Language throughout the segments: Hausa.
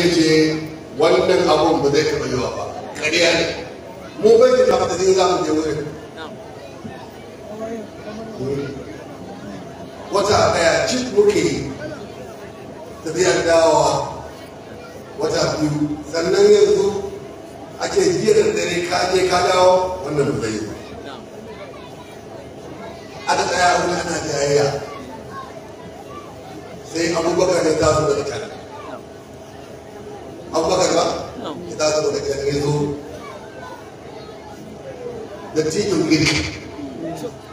ya ce wannan abun ba zai taɓa yawa ba ƙarya ne mu bai da tafi zai za mu je wurin wata ɗaya cik muke tafiyar dawowa wata biyu sannan yanzu ake jiya da dare ka je ka dawo wannan ba zai yi ta tsaya wani ana jayayya sai abubakar ya taso da can abubakar ba ya ta zo daga ya zo da tikin gidi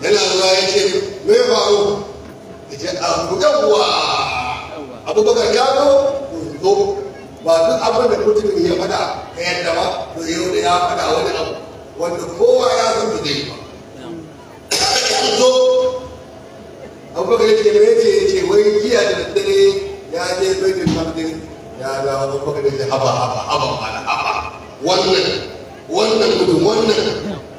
yana zuwa ya ce me faru ya ce abu yawwa abubakar ya zo zo ba duk abin da mutumin ya faɗa ta yadda ba to yau da ya faɗa wani abu wanda kowa ya san da zai ba Ya zo abu bakar ya ce me ya ce ya ce wai giya da daddare ya je da maqdis ya ga wani baka da haba haba haba mana haba wannan wannan mutum wannan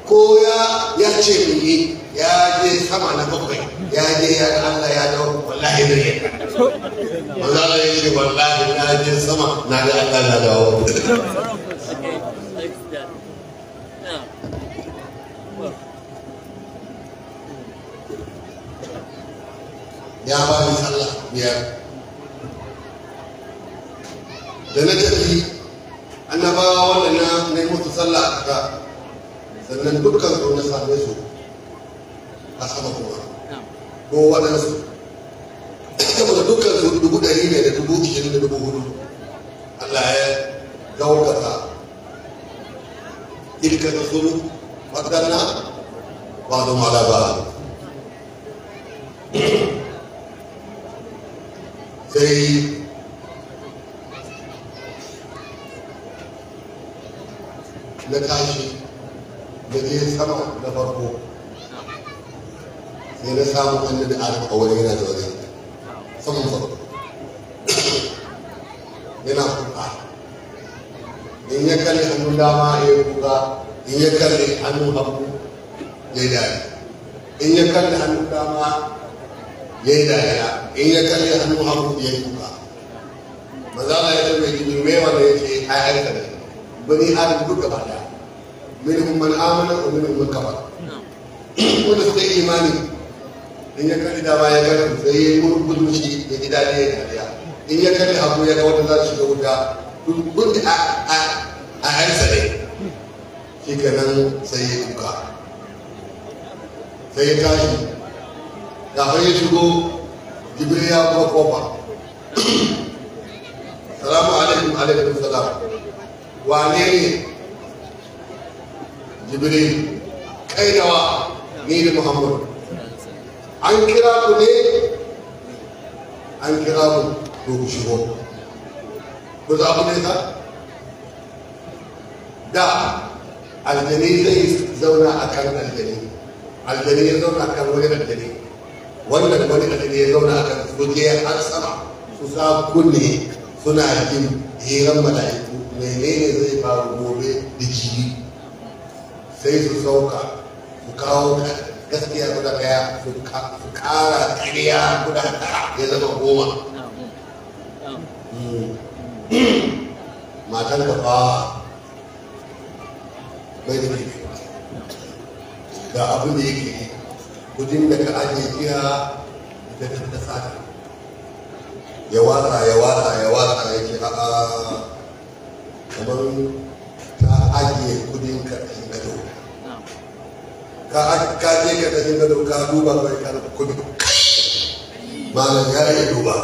ko ya ya ce mun ya je sama na bakwai ya je ya ga Allah ya dawo wallahi ne maza Allah ya ce wallahi na je sama na ga Allah na dawo ya ba ni sallah biyar da na tafi annabawa wanda na na musu sallah a kaka sannan dukkan su na same su a sama kuma ko waɗansu da dukkan su dubu ɗari ne da dubu ishirin da dubu hudu Allah ya gaukata tilka da sulu waɗannan ba da ba. عدد أولينا دولين فمن فضل yana kuka in ya kalli hannun dama ya yi kuka in ya kalli hannun hagu ya yi dariya in ya kalli hannun dama ya yi dariya in ya kalli hannun hagu ya yi kuka mazala ya tabbata gini mai wanda ya ce ai aika da bani adam duk gaba daya minhum man amana wa minhum man kafara wanda suka yi imani in ya kalli dama ya ga tsaye ya yi gudun shi ya ji ya dariya in ya kalli hagu ya ga wanda za su shiga wuta duk a hansa ne shi ka nan tsaye duka tsaye ya tashi kafin ya shigo jibril ya kuma kofa salamu alaikum alaikum salam wane ne jibril kai dawa ni da muhammadu an kira ku ne an kira ku to ku shigo ku za ku nesa da aljani zai zauna a kan aljani aljani ya zauna a kan wani aljani wannan wani aljani ya zauna a kan su je har sama su sa kunne suna jin hiran mala'iku menene zai faru gobe da jiri sai su sauka su kawo kan gaskiya da kaya ku kara kiriya guda daya ya zama goma hmm. matan ka fa bai da ke ga abin da yake kudin da ka ake jiya da ta ta tsada ya wata ya wata ya wata ya ce a. kamar ta ajiye kudin ka ta ka ka je ka tafi ka ka duba kai ka na kuma malam ya yi duba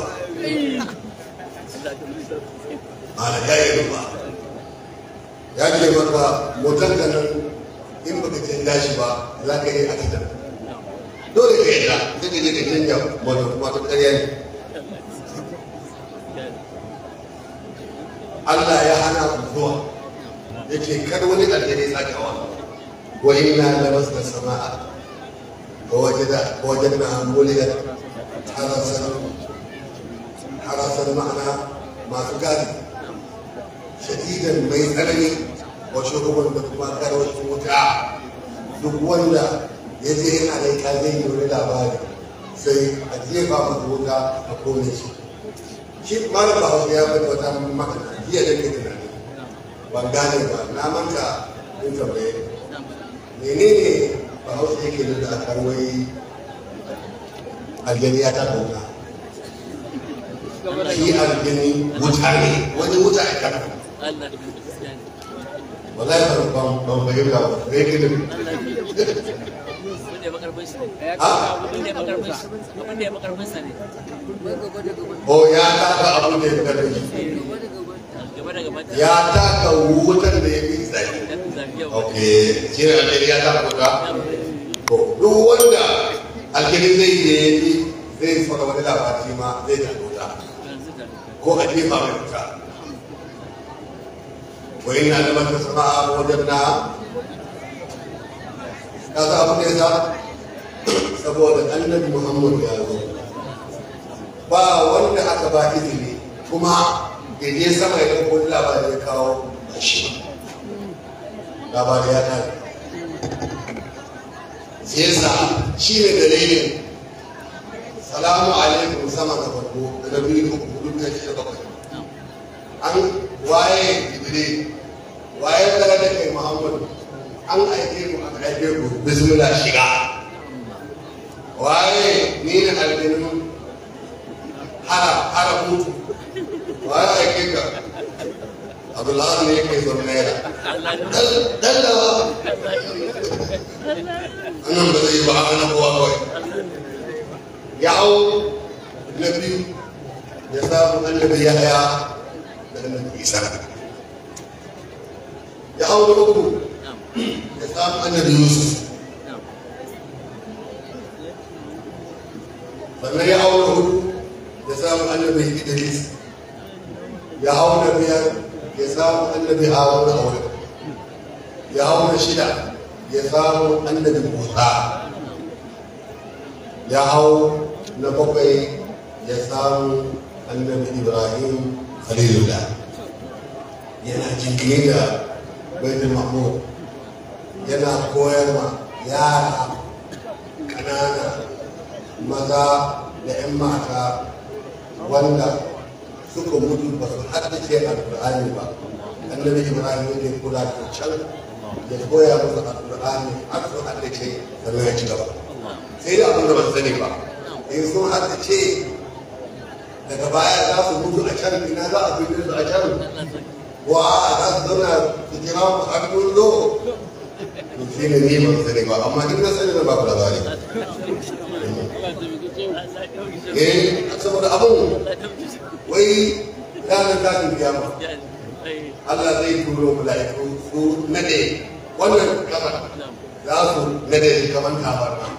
malam ya yi duba ya ce maka motar ka nan in baka canza shi ba za ka yi accident dole ka yadda zai ka je ka canja motar kuma ta karya ne Allah ya hana ku zuwa yake kar wani ne aljani tsakawa وإنا لمسنا السماء فوجدناها ملئت حرسا حرسا معنا ما تقارب شديدا ميزانني وشربا بتفاخر وشوكا لقوانا يزين عليك هذين يريد عبادي سي أجيب عبد الوضع أقول شيء شيء ما نبقى هو يا بنت وتعمل معنا هي اللي كتبت وقال لي نعم انت انت بيه. menene ba hausa yake da zakar wai aljani ya ta dauka shi algeri mutane ne wani wuta a kan wallahi ba ban fahimta ba me yake da Oh ya taka abin da ya fi ya taka wutar da ya fi tsaye ok shi ne alheri ya kuka to duk wanda alheri zai yi ne zai saka wani labari ma zai ta kuka ko a jefa mai kuka wani na da mata sama a wajen na ka za a fi saboda annabi muhammadu ya zo ba wanda aka ba izini kuma da je sama ya ɗauko labari ya kawo a shi labari ya kare shi yasa shi ne dalilin salamu alaikum sama da farko da na biyu uku hudu da shi da bakwai an waye jibiri waye tsara da kai muhammadu an aike mu a karfe ku bismillah shiga waye ni ne albinu hara hara mutu waye aike ka عبد الله ليك في النيرة دل دل أنا يا بقى أنا بواقي يعو النبي يا النبي يحيى النبي عيسى يعو يا يساب النبي يوسف فمن يعو يا يساب النبي إدريس يعو النبي ya hau haruna a ya haura shida ya samu annabi musa ya hau na bakwai ya samu annabi ibrahim khalilullah yana jinkiri da baitul mahmud yana koyarwa yara ƙanana maza da 'yan mata wanda suka mutu ba su haddace alƙur'ani ba annabi ibrahim ne kula da can ya koya masa alqur'ani har sun hada ce sannan ya ci gaba sai da abin da ban sani ba in sun hada ce daga baya za su mutu a can ina za a fito su a can wa za su zauna su kira mu hannun zo shi ne ni ban sani ba amma duk na sani ba ku labari eh saboda abin wai ranar tashin kiyama Allah zai turo mala'iku su nade wannan kamar za su nade shi kamar tabarma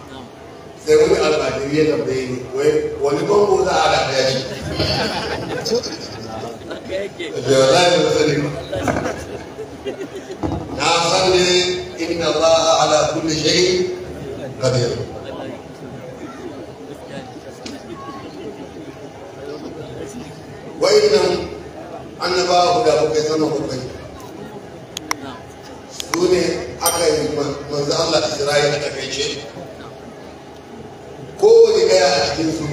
sai wani albajiri ya tambaye ni wai wani bango za a rataya shi da wallahi ba sani ba na san ne inna Allah ala kulli shay qadir wa innahu annabawa guda bakwai sama bakwai su ne aka yi manzo Allah Isra'il a takaice kowane daya a cikin su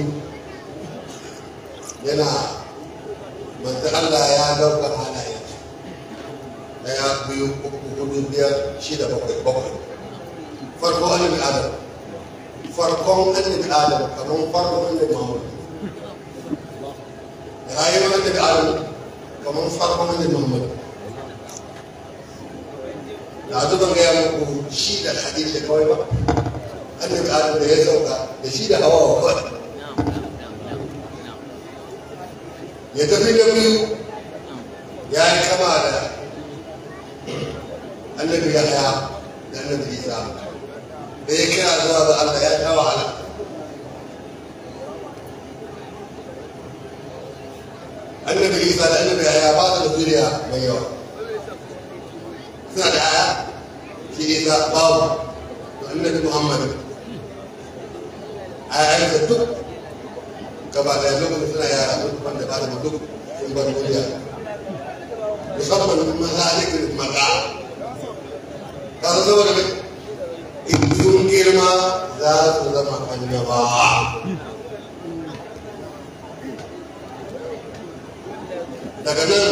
yana manzo Allah ya dauka halaye daya biyu uku hudu biyar shida bakwai bakwai farko annabi Adam farkon annabi Adam kamar farkon annabi Muhammad rayuwar annabi Adam ومن فرق من المهمل yanzu ban gaya muku shi da hadisi da kawai ba annabi adam da ya sauka da shi da hawa wa kawai ya tafi da biyu ya yi kama da annabi ya haya da annabi isa da ya kira zuwa ga allah ya ta wahala annabi isa da annabi yaya ba su da zuriya mai yawa suna da yaya shi isa babu to annabi muhammadu a yayansa duk gaba da lokacin suna yara duk wanda ba da duk sun bar zuriya musamman mazalikin maza ta zama saboda in sun girma za su zama annabawa daga nan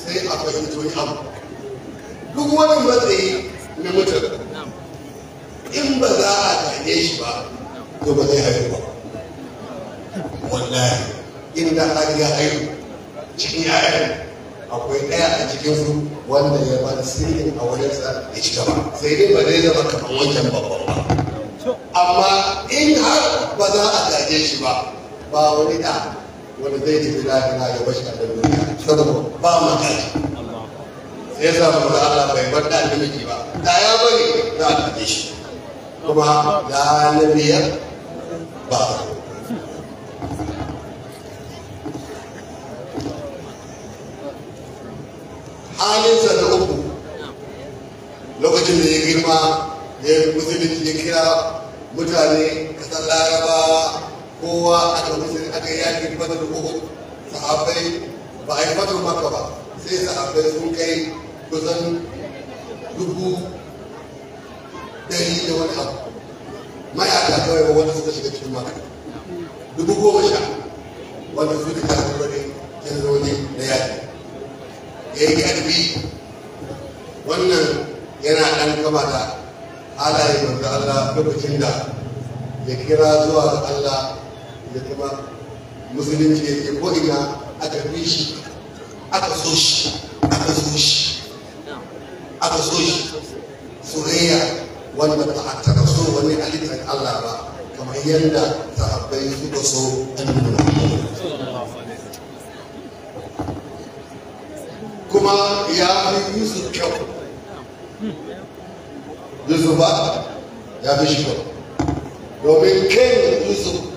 sai a fahimci wani abu duk wani matsayi na mutum in ba za a gane shi ba to ba zai haihu ba wallahi inda an ya haihu cikin ya'yan akwai ɗaya a cikin su wanda ya ba sirrin a wajensa ya ci gaba sai dai ba zai zama kamar wancan babban ba amma in har ba za a gaje shi ba ba wani da wani zai tafi lahira ya bashi a duniya saboda ba makaci sai ya samu da Allah bai bar da annabi ba da ya bari za a tafi shi kuma da nabiya ba halinsa da uku lokacin da ya girma ya musulunci ya kira mutane kasar larabawa kowa a lokacin aka yaki badar uhud sahabbai ba a yi badar maka ba sai sahabbai sun kai kusan dubu dari da wani abu mayaka kawai ba wanda suka shiga cikin maka dubu goma sha wanda su duka wani zaune na yaki ya yi ƙarfi wannan yana ɗan kama da halaye wanda Allah lokacin da ya kira zuwa Allah ya zama musulunci ya ke ko'ina aka bi shi aka so shi aka so shi aka so shi soyayya wanda ba a taɓa so wani halittar Allah ba kamar yadda sahabbai suka so annabi kuma ya fi Yusuf kyau Yusuf ba ya fi shi kyau domin kai Yusuf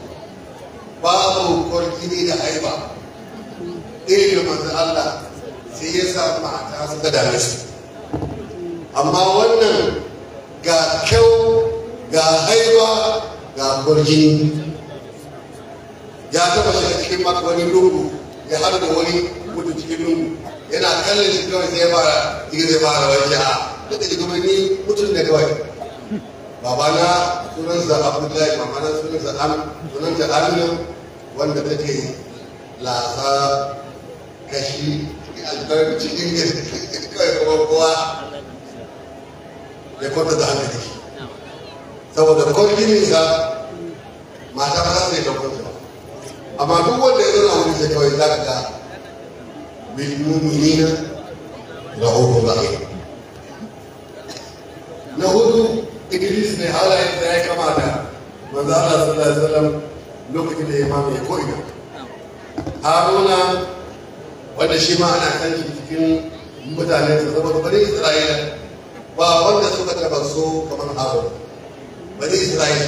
jini da haiba irin da manzan Allah sai ya sa mata su da damashi amma wannan ga kyau ga haiba ga gwarjini ya taba shiga cikin wani lungu ya har da wani mutu cikin lungu yana kallon shi kawai sai ya fara jikin zai fara wani jiha a ta jikin wani mutum da kawai babana sunansa abdullahi mamana sunansa an sunansa aminu wanda take lasa kashi albarbi cikin kawai kuma kowa ya kwanta da hankali saboda ko gininsa mata ba sai su yi kwanta amma duk wanda ya zauna wuri sai kawai za ka ga mu'minina da hukun rahim na hudu idris ne halayen da ya kamata manzo Allah sallallahu alaihi wasallam lokacin da ya mamaye ko'ina haruna wanda shi ma ana kan cikin mutanen su zama bari isra'ila ba wanda suka taba so kamar haruna bari isra'ila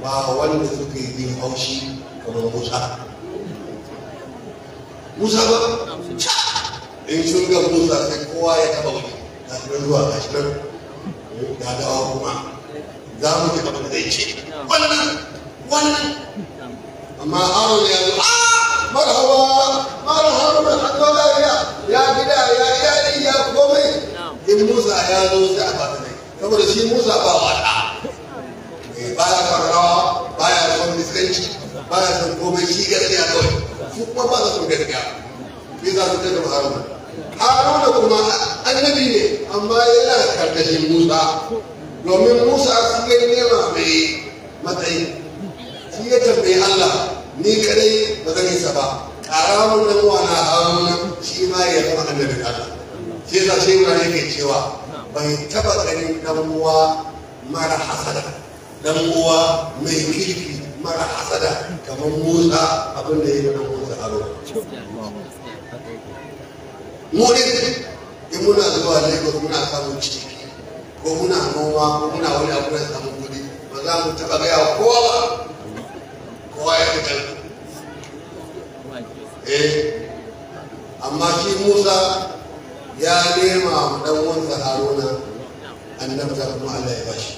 ba wanda suka yi jin haushi kamar musa musa ba in ga musa sai kowa ya taba wani gashi zuwa gashi nan ya dawa kuma za mu ji kamar da zai ce wannan wannan amma aron ya zo marhaba marhaba mai hadola ya ya gida ya iyali ya komai in musa ya zo sai a bata ne saboda shi musa ba wada eh, ba ya fara ba ya son miskanci ba ya son komai shi gaskiya kawai su kuma ba za su gaskiya bai za su tattaba haruna haruna kuma annabi ne amma yana karkashin musa domin musa sun gani nema mai matsayi tambayi Allah ni kadai ba zan isa ba karamin dan hawan nan shi ma ya zama annabin Allah shi yasa shi ma yake cewa bai taba ganin dan uwa mara hasada dan uwa mai kirki mara hasada kamar Musa abin da ya yi Musa aro mu ne in muna zuwa Lagos muna samun ciki ko muna noma ko muna wani abu da samun kuɗi ba za mu taba gaya kowa ba kowa ya fita eh amma shi musa ya nema dan wansa haruna annabta kuma allah ya bashi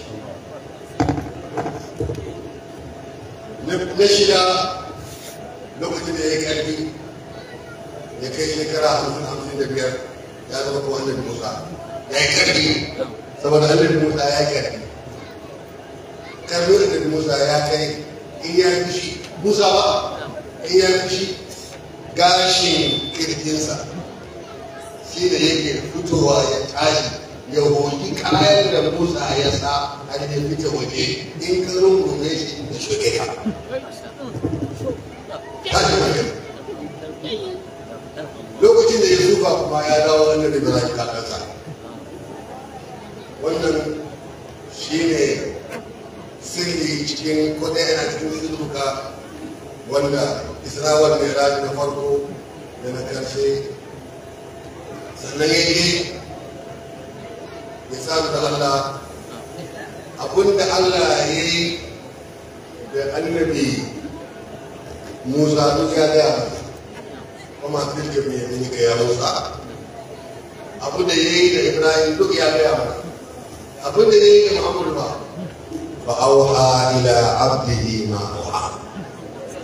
na shida lokacin da ya karfi ya kai shekara hamsin da biyar ya zama kuma annabi musa ya yi karfi saboda annabi musa ya yi karfi karfi da musa ya kai in ya yi fushi musa gashin kirjinsa shi da yake fitowa ya tashi ya hoki kayan da musa ya sa har ya fita waje in ka rungume shi da shuke ka tashi lokacin da ya sufa kuma ya dawo annabi da za shi kakansa wannan shi ne sirri cikin kodai yana cikin sirruka wanda isra'awar mai rajin na farko da na karshe sannan yake ya sa da allah abinda allah ya yi da annabi musa duk ya gaya kuma tilka mai yanzu ga ya musa abinda da ya yi da ibrahim duk ya gaya ba abinda ya yi da muhammadu ba فأوحى إلى ila ما ma auha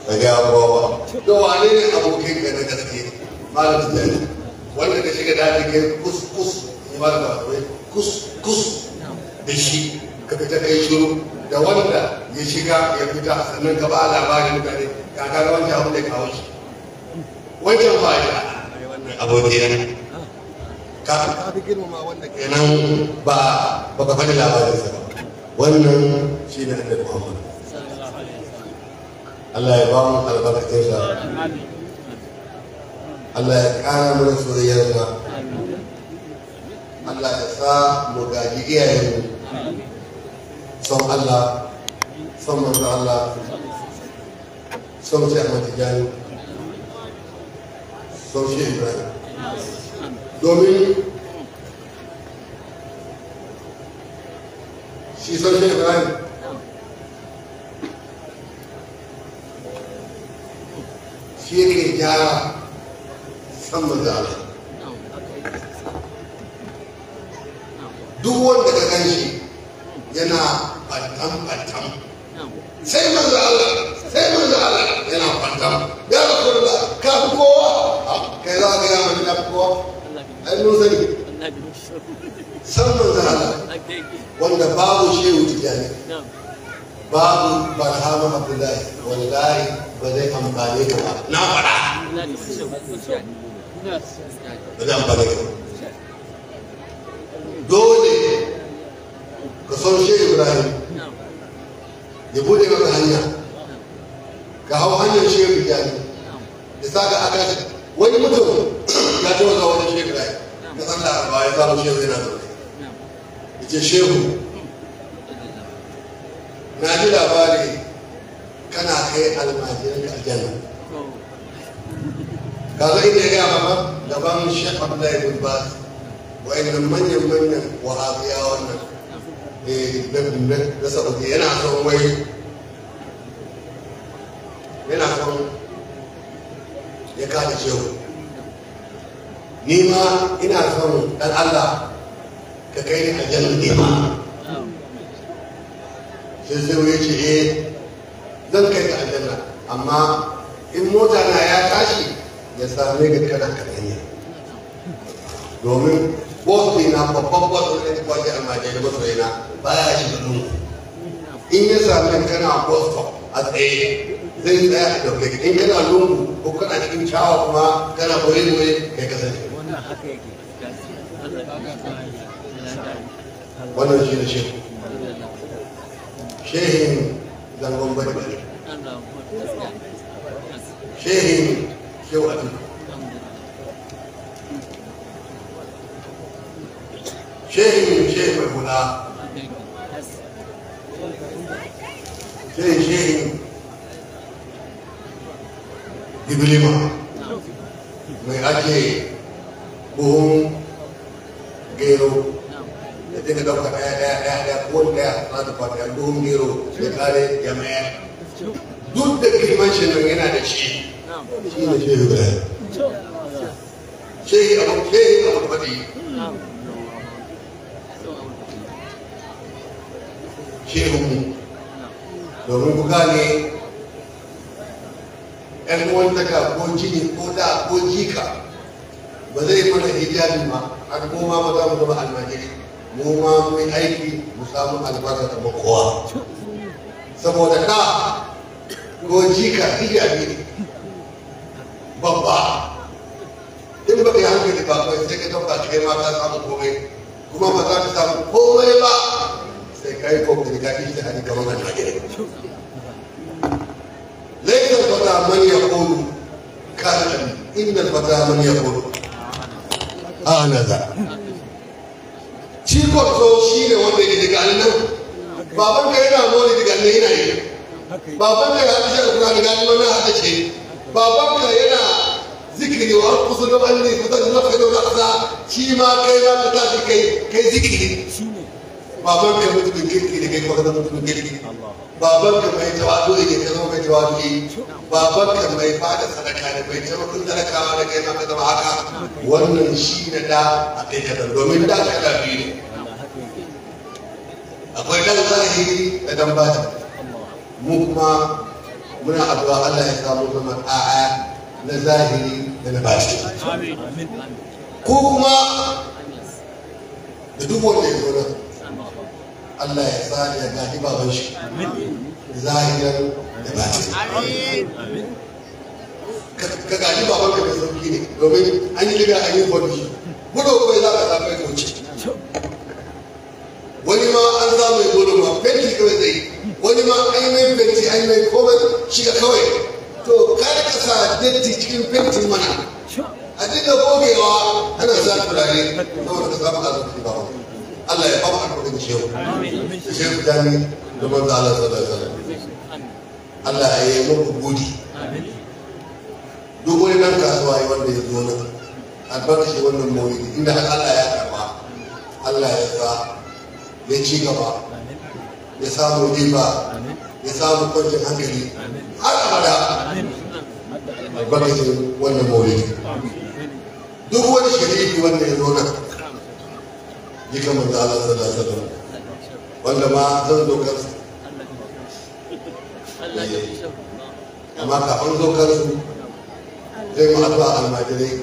ka ga أبو to أنا ne ما ka na gaske malam tani wanda ka shiga daji kai kus kus malam akwai kus kus da shi ka fita da wanda ya shiga ya fita sannan ka ba labarin mutane ka ga wancan abin da kawo shi Wajen ba ya abokina ka fi girmama wanda kenan ba ba ka wannan shi ne annabi muhammad Allah ya ba mu albarkacinsa Allah ya ƙara mana soyayyarsa Allah ya sa mu gaji iyayenmu son Allah son manzo Allah son shi Ahmad Tijani son shi Ibrahim domin shi sauke ibrahim shi yake gyara san duk wanda ka gan shi yana bantan bantan sai manzo Allah sai manzo Allah yana bantan ya rasulullah ka fi kowa kai za ka ga mana na kowa ai mun sani Sannan manzan Allah wanda babu shehu tijjani babu barhama abdullahi wallahi ba zai amfane ka ba na faɗa ba zai amfane ka dole ka san shehu ibrahim ya bude maka hanya ka hau hanyar shehu tijjani ya sa ka aka wani mutum ya taɓa wata wani shehu ibrahim in ka san laraba ya yana zaune ya shehu na ji labari kana kai almajiran da aljanna ka zai da ya mama gaban shekh abdullahi bin bas wa'annan manyan manyan wahabiya wannan da sauke yana son ni ma ina son dan Allah ka kai ni aljanna ni ma sai sai ya ce eh zan kai ka aljanna amma in mota na ya tashi ya same ga kana ka gani domin boss na babban boss ne da kwaje almajiri boss na baya shi da dun in ya same kana boss a tsaye zai tsaya a kai in kana lungu ko kana cikin cawa kuma kana boye-boye kai kasance wannan haka yake wannan shi ne shehin zangon bari shehin shehu shehin shehin mai hula shehin shehin ibilima mai ake buhun gero da dinga dauka daya daya daya daya ko wani daya na da kwata buhun gero da kare jama'a duk da girman shi nan yana da shi shi ne shi ibrahim shehi abu shehi abu fadi shehu mu domin ku gane yan uwantaka ko jini ko da ko jika ba zai mana hijabi ba har mu ma ba za mu zama almajiri mu ma mu aiki mu samu albarka da kowa saboda ka ko jika hijabi ne babba in ba ka yi hankali ba kai sai ka tabbata kai ma ka samu komai kuma ba za ka samu komai ba sai ka yi da ka ishe hali kamar almajiri laifin fata man ya kodu kan inda fata man ya kodu a nazara shi kwarto shi ne wanda ke daga nan baban ka yana mori daga nan yana yi baban ka ya fi shi alkura daga nan wani hada ce baban ka yana zikiri wa kusa da wani kusa da zafi da rasa shi ma kai za ka tashi kai kai zikiri baban ka mutumin kirki da kai kwakwata mutumin kirki babanka mai tawadu da ke zama mai tawadu babanka mai bada sadaka ne mai taimakon talakawa da kai maka zama haka wannan shi na da a kai kadan domin da ka gafi ne akwai dan zahiri da dan bata mu kuma muna addu'a Allah ya samu zama a'a na zahiri da na bata ko kuma da duk wanda ya zo nan الله يسال يا داعي بابش زاهر يا كغادي بابك يا زوجي دومين اني لغا اني فوتي مدو كوي زاكا زاكاي كوتشي وني ما انزام يقولوا ما بنتي كوي زي وني ما اي مين بنتي اي مين كوبر شي كوي تو كاركا سا دتي تشكين بنتي مانا ادي دو بوغي وا آه، انا زاكو لاي دو زاكا زاكا زاكا kuce mu sai da manzo Allah sallallahu alaihi wasallam Allah ya yi muku gudi duk wani nan kasuwa yi wanda ya zo nan albarkashi wannan inda Allah ya karba Allah ya sa ya ci gaba ya samu riba ya samu kwanciyar hankali har abada wannan duk wani shari'i wanda ya zo nan jika manzo Allah sallallahu alaihi wasallam wanda ma zan zo kansu amma kafin zo kansu zai ma addu'a almajirai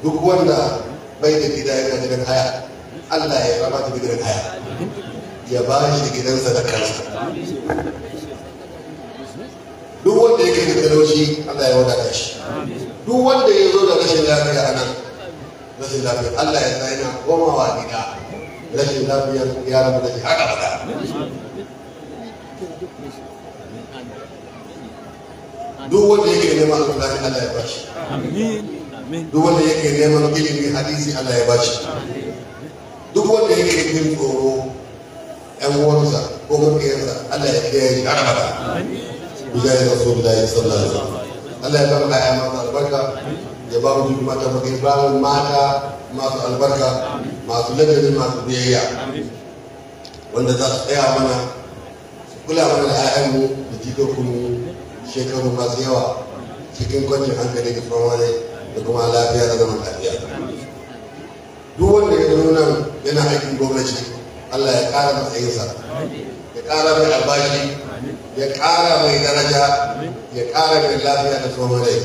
duk wanda bai da gida yana gidan haya Allah ya raba ta gidan haya ya ba shi gidansa da kansa duk wanda yake da talauci Allah ya wadata shi duk wanda ya zo da rashin lafiya a nan rashin lafiya Allah ya sa yana komawa gida rashin lafiyar ya rabu da shi haka ba duk wanda yake neman alƙur'ani Allah ya bashi duk wanda yake neman ilimin hadisi Allah ya bashi duk wanda yake jin tsoro yan uwansa ko mutiyarsa Allah ya kiyaye shi haka ba bijahi rasulullahi sallallahu alaihi wasallam Allah ya bar ayyaman albarka ya ba mu duk mata bakin ranar mata masu albarka masu ladabi masu biyayya wanda za su tsaya mana su kula mana da 'ya'yanmu da jikokinmu shekaru masu yawa cikin kwancin hankali da farware da kuma lafiya da zaman lafiya duk wanda ya zuru nan yana aikin gwamnati allah ya kara matsayinsa ya kara mai albashi ya kara mai daraja ya kara mai lafiya da farware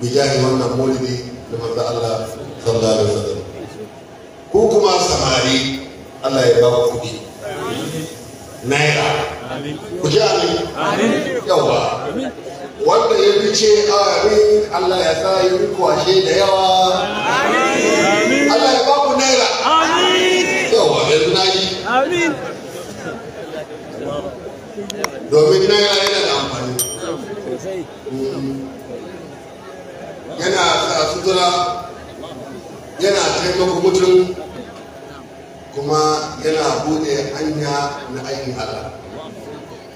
bijahi wannan maulidi da manzo Allah sallallahu alaihi wasallam ko kuma samari Allah ya ba ku kuɗi naira ku ji amin yawa wanda ya bi ce amin Allah ya sa yi kwashe da yawa Allah ya ba ku naira yawa yanzu na yi domin naira yana da amfani sutura yana taimako mutum kuma yana bude hanya na ainihin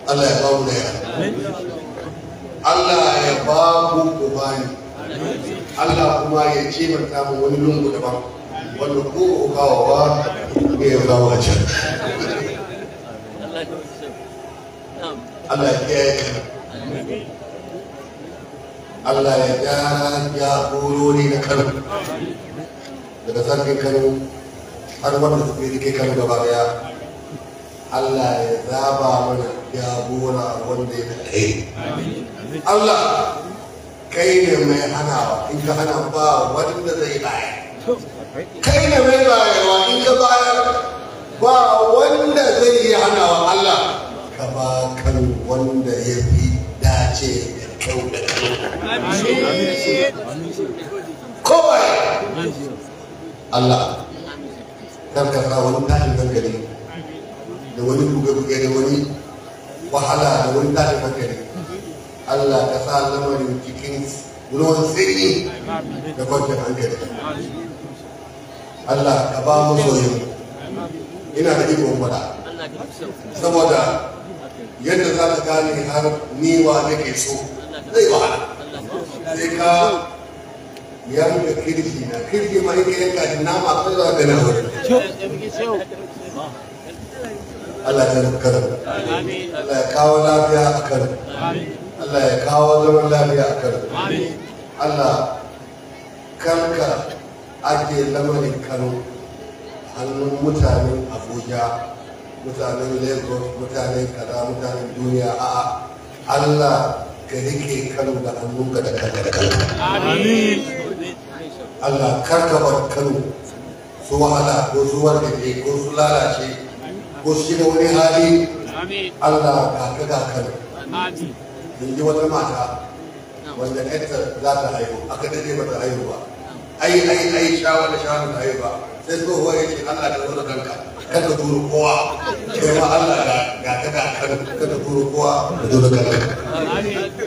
Allah Allah ya bamu da ya Allah ya ba ku bani Allah kuma ya kimanta mu wani lungu daban wanda ko ku kawo ba ne ya kawo a can Allah ya kiyaye Allah ya gyara jagorori na Kano daga sarkin Kano har wanda suke rike Kano gaba daya Allah ya zaba mana jagora wanda ya kai Allah kai ne mai hanawa in ka hana ba wanda zai baya kai ne mai bayarwa in ka bayar ba wanda zai yi hanawa Allah ka ba kan wanda ya fi dace kowai Allah dan wani da wani buge-buge da wani wahala da wani tashin hankali Allah ka lamarin cikin ruwan sirri da Allah ina da fada saboda yadda za ka gane har niwa nake so zai wahala sai ka ya da kirji na kirji ma yake yanka shi nama ko za ka na wurin Allah ya karu Allah ya kawo lafiya a karu Allah ya kawo zaman lafiya a karu Allah kanka ake lamarin kano hannun mutanen abuja mutanen lagos mutanen kaza mutanen duniya a'a Allah ka ke kano da hannunka da kanka da kanka amin Allah kar ka bar kano su wahala ko su wargaje ko su lalace ko su wani hali Allah ka ka ga kano amin yanzu wata mata wanda neta za ta haihu aka daje mata ta haihu ba ai ai ai shawara shawara ta haihu ba sai tsohuwa ya ce Allah ka zo da kanka kada duru kowa sai ma Allah ga ka ga kada duru kowa da dole kada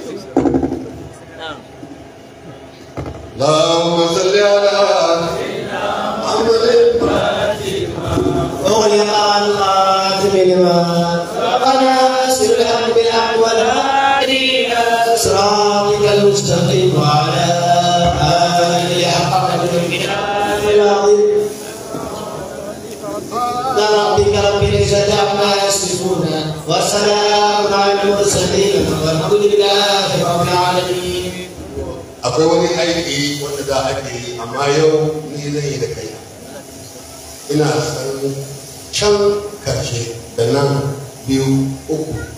اللهم صل على محمد وعلى akwai wani aiki wanda za ake yi amma yau ni zan yi da kai ina san can karshe da nan biyu uku